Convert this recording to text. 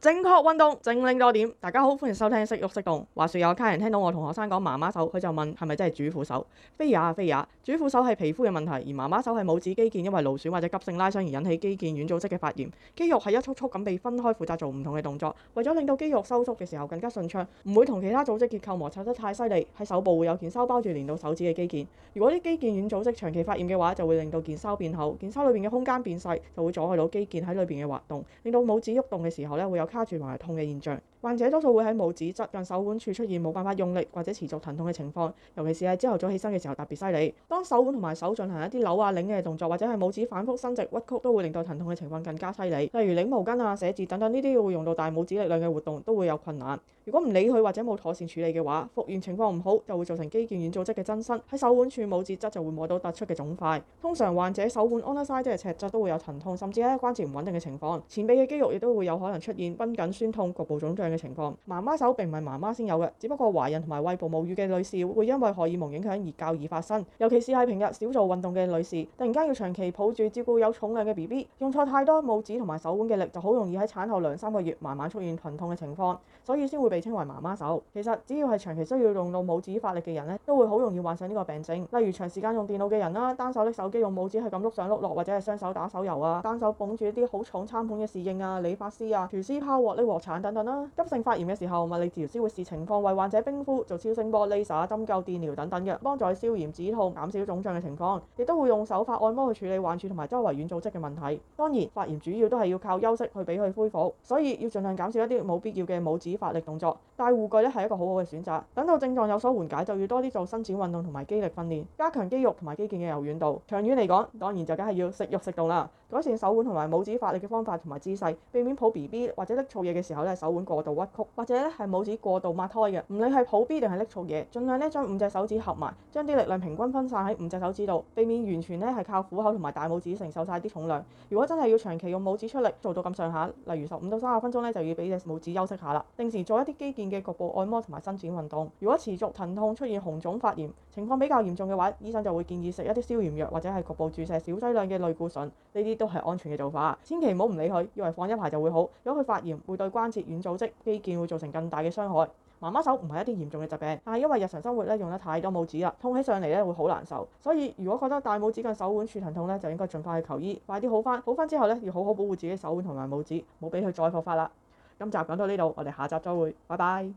正確運動，精靈多點，大家好，歡迎收聽識郁適動。話說有家人聽到我同學生講媽媽手，佢就問係咪真係主婦手？非也非也，主婦手係皮膚嘅問題，而媽媽手係拇指肌腱因為勞損或者急性拉傷而引起肌腱軟組織嘅發炎。肌肉係一束束咁被分開負責做唔同嘅動作，為咗令到肌肉收縮嘅時候更加順暢，唔會同其他組織結構摩擦得太犀利。喺手部會有腱鞘包住連到手指嘅肌腱。如果啲肌腱軟組織長期發炎嘅話，就會令到腱鞘變厚，腱鞘裏邊嘅空間變細，就會阻礙到肌腱喺裏邊嘅滑動，令到拇指喐動嘅時候咧會有卡住或者痛嘅現象。患者多數會喺拇指側、近手腕處出現冇辦法用力或者持續疼痛嘅情況，尤其是喺朝頭早起身嘅時候特別犀利。當手腕同埋手進行一啲扭啊、擰嘅動作，或者係拇指反覆伸直、屈曲，都會令到疼痛嘅情況更加犀利。例如擰毛巾啊、寫字等等，呢啲會用到大拇指力量嘅活動都會有困難。如果唔理佢或者冇妥善處理嘅話，復原情況唔好，就會造成肌腱軟組織嘅增生，喺手腕處、拇指側就會摸到突出嘅腫塊。通常患者手腕 side、outside 即係尺側都會有疼痛，甚至咧關節唔穩定嘅情況，前臂嘅肌肉亦都會有可能出現繃緊、酸痛、局部腫脹嘅情況，媽媽手並唔係媽媽先有嘅，只不過懷孕同埋餵哺母乳嘅女士會因為荷爾蒙影響而較易發生，尤其是係平日少做運動嘅女士，突然間要長期抱住照顧有重量嘅 B B，用錯太多拇指同埋手腕嘅力，就好容易喺產後兩三個月慢慢出現疼痛嘅情況，所以先會被稱為媽媽手。其實只要係長期需要用到拇指發力嘅人呢，都會好容易患上呢個病症，例如長時間用電腦嘅人啦，單手拎手機用拇指係咁碌上碌落，或者係雙手打手遊啊，單手捧住一啲好重餐盤嘅侍應啊、理髮師啊、廚師拋鑊拎鍋鏟等等啦。急性發炎嘅時候，物理治療師會視情況為患者冰敷、做超聲波、Laser、針灸、電療等等嘅，幫助消炎止痛、減少腫脹嘅情況。亦都會用手法按摩去處理患處同埋周圍軟組織嘅問題。當然，發炎主要都係要靠休息去俾佢恢復，所以要盡量減少一啲冇必要嘅拇指發力動作。戴護具咧係一個好好嘅選擇。等到症狀有所緩解，就要多啲做伸展運動同埋肌力訓練，加強肌肉同埋肌腱嘅柔軟度。長遠嚟講，當然就梗係要識郁適動啦，改善手腕同埋拇指發力嘅方法同埋姿勢，避免抱 B B 或者拎重嘢嘅時候咧手腕過度屈曲或者咧係拇指過度抹開嘅，唔理係抱 B 定係拎錯嘢，盡量咧將五隻手指合埋，將啲力量平均分散喺五隻手指度，避免完全咧係靠虎口同埋大拇指承受晒啲重量。如果真係要長期用拇指出力做到咁上下，例如十五到三十分鐘咧就要俾隻拇指休息下啦。定時做一啲肌腱嘅局部按摩同埋伸展運動。如果持續疼痛、出現紅腫發炎，情況比較嚴重嘅話，醫生就會建議食一啲消炎藥或者係局部注射小劑量嘅類固醇，呢啲都係安全嘅做法。千祈唔好唔理佢，以為放一排就會好，如果佢發炎會對關節軟組織。肌腱會造成更大嘅傷害。媽媽手唔係一啲嚴重嘅疾病，但係因為日常生活咧用得太多拇指啦，痛起上嚟咧會好難受。所以如果覺得大拇指近手腕處疼痛咧，就應該儘快去求醫，快啲好翻。好翻之後咧，要好好保護自己手腕同埋拇指，冇俾佢再復發啦。今集講到呢度，我哋下集再會，拜拜。